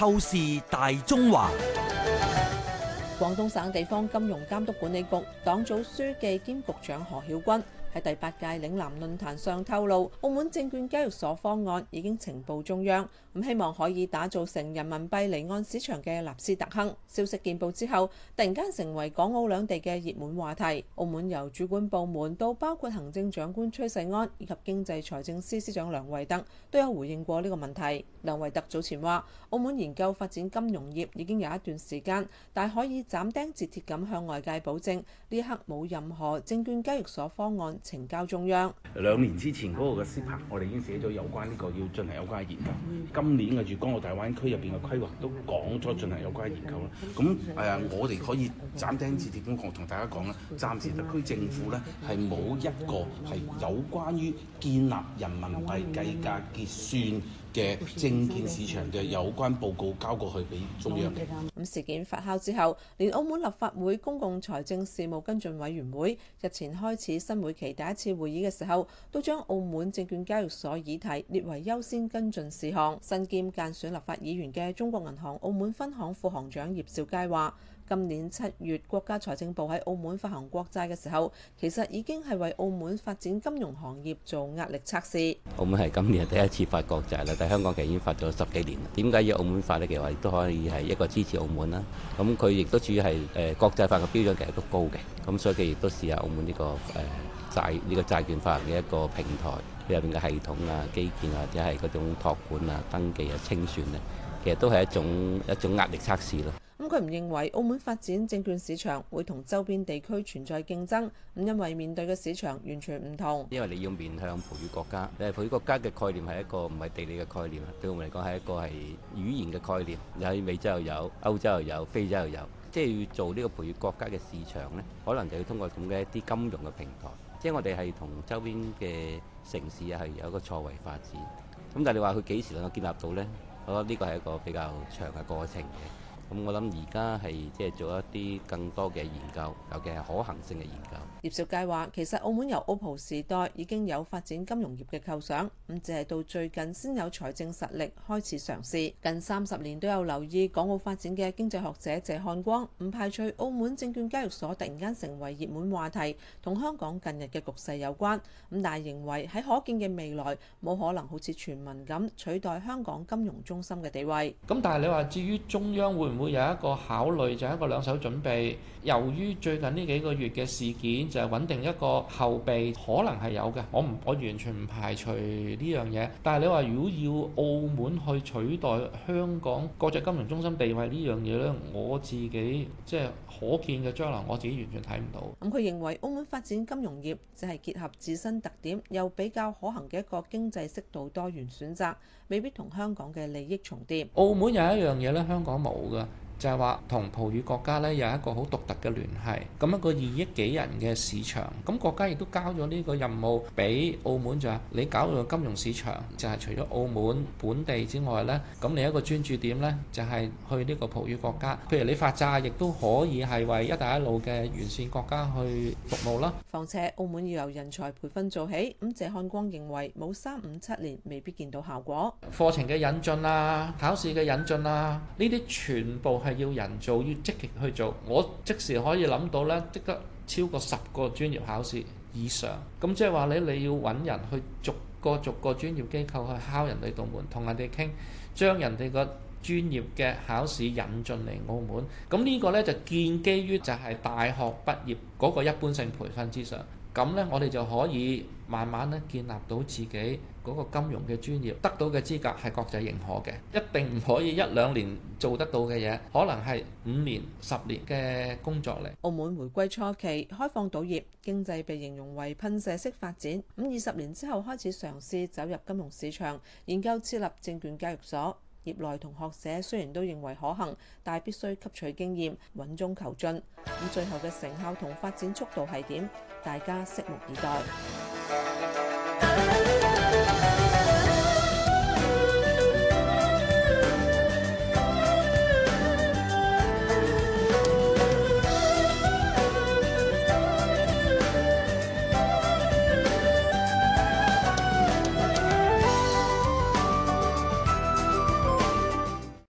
透視大中華，廣東省地方金融監督管理局黨組書記兼局長何曉軍。喺第八屆嶺南論壇上透露，澳門證券交易所方案已經呈報中央，咁希望可以打造成人民幣離岸市場嘅納斯達克。消息見報之後，突然間成為港澳兩地嘅熱門話題。澳門由主管部門到包括行政長官崔世安以及經濟財政司司長梁維德都有回應過呢個問題。梁維德早前話：澳門研究發展金融業已經有一段時間，但可以斬釘截鐵咁向外界保證，呢刻冇任何證券交易所方案。呈交中央。兩年之前嗰個嘅司評，我哋已經寫咗有關呢個要進行有關嘅研究。今年嘅月港澳大灣區入邊嘅規劃都講咗進行有關嘅研究啦。咁誒、呃，我哋可以斬釘截鐵咁講，同大家講啦，暫時特區政府咧係冇一個係有關於建立人民幣計價結算，嘅證券市場嘅有關報告交過去俾中央嘅。咁事件發酵之後，連澳門立法會公共財政事務跟進委員會日前開始新會期第一次會議嘅時候，都將澳門證券交易所議題列為優先跟進事項。身兼間選立法議員嘅中國銀行澳門分行副行長葉兆佳話。今年七月，國家財政部喺澳門發行國債嘅時候，其實已經係為澳門發展金融行業做壓力測試。澳門係今年第一次發國債啦，但係香港其實已經發咗十幾年啦。點解要澳門發呢？其實話亦都可以係一個支持澳門啦。咁佢亦都主要係誒國債發嘅標準其實都高嘅。咁所以佢亦都試下澳門呢個誒債呢個債券發行嘅一個平台，佢入邊嘅系統啊、基建啊，或者係嗰種託管啊、登記啊、清算啊，其實都係一種一種壓力測試咯。咁佢唔認為澳門發展證券市場會同周邊地區存在競爭，咁因為面對嘅市場完全唔同。因為你要面向葡語國家，葡語國家嘅概念係一個唔係地理嘅概念，對我哋嚟講，係一個係語言嘅概念。喺美洲又有，歐洲又有，非洲又有，即係要做呢個葡語國家嘅市場咧，可能就要通過咁嘅一啲金融嘅平台。即係我哋係同周邊嘅城市係有一個錯位發展。咁但係你話，佢幾時能夠建立到咧？我覺得呢個，係一個比較長嘅過程嘅。咁我諗而家係即係做一啲更多嘅研究，尤其係可行性嘅研究。葉兆佳話，其實澳門由澳葡時代已經有發展金融業嘅構想，咁只係到最近先有財政實力開始嘗試，近三十年都有留意港澳發展嘅經濟學者謝漢光，唔排除澳門證券交易所突然間成為熱門話題同香港近日嘅局勢有關，咁但係認為喺可見嘅未來冇可能好似傳聞咁取代香港金融中心嘅地位。咁但係你話至於中央會唔？會有一個考慮，就係、是、一個兩手準備。由於最近呢幾個月嘅事件，就係穩定一個後備，可能係有嘅。我唔，我完全唔排除呢樣嘢。但係你話，如果要澳門去取代香港國際金融中心地位呢樣嘢呢，我自己即係、就是、可見嘅將來，我自己完全睇唔到。咁佢認為澳門發展金融業，就係結合自身特點，又比較可行嘅一個經濟適度多元選擇，未必同香港嘅利益重疊。澳門有一樣嘢咧，香港冇㗎。就係話同葡語國家咧有一個好獨特嘅聯繫，咁一個二億幾人嘅市場，咁國家亦都交咗呢個任務俾澳門，就係你搞到個金融市場，就係除咗澳門本地之外咧，咁你一個專注點咧就係去呢個葡語國家，譬如你發債亦都可以係為一帶一路嘅沿線國家去服務啦。況且澳門要由人才培訓做起，咁謝漢光認為冇三五七年未必見到效果。課程嘅引進啦，考試嘅引進啦，呢啲全部係。要人做，要積極去做。我即時可以諗到呢，即刻超過十個專業考試以上。咁即係話，你你要揾人去逐個逐個專業機構去敲人哋道門，同人哋傾，將人哋個專業嘅考試引進嚟澳門。咁呢個呢，就建基於就係大學畢業嗰個一般性培訓之上。咁呢，我哋就可以慢慢咧建立到自己。嗰個金融嘅專業得到嘅資格係國際認可嘅，一定唔可以一兩年做得到嘅嘢，可能係五年、十年嘅工作嚟。澳門回歸初期開放賭業，經濟被形容為噴射式發展。咁二十年之後開始嘗試走入金融市場，研究設立證券交易所，業內同學者雖然都認為可行，但必須吸取經驗，穩中求進。咁最後嘅成效同發展速度係點？大家拭目以待。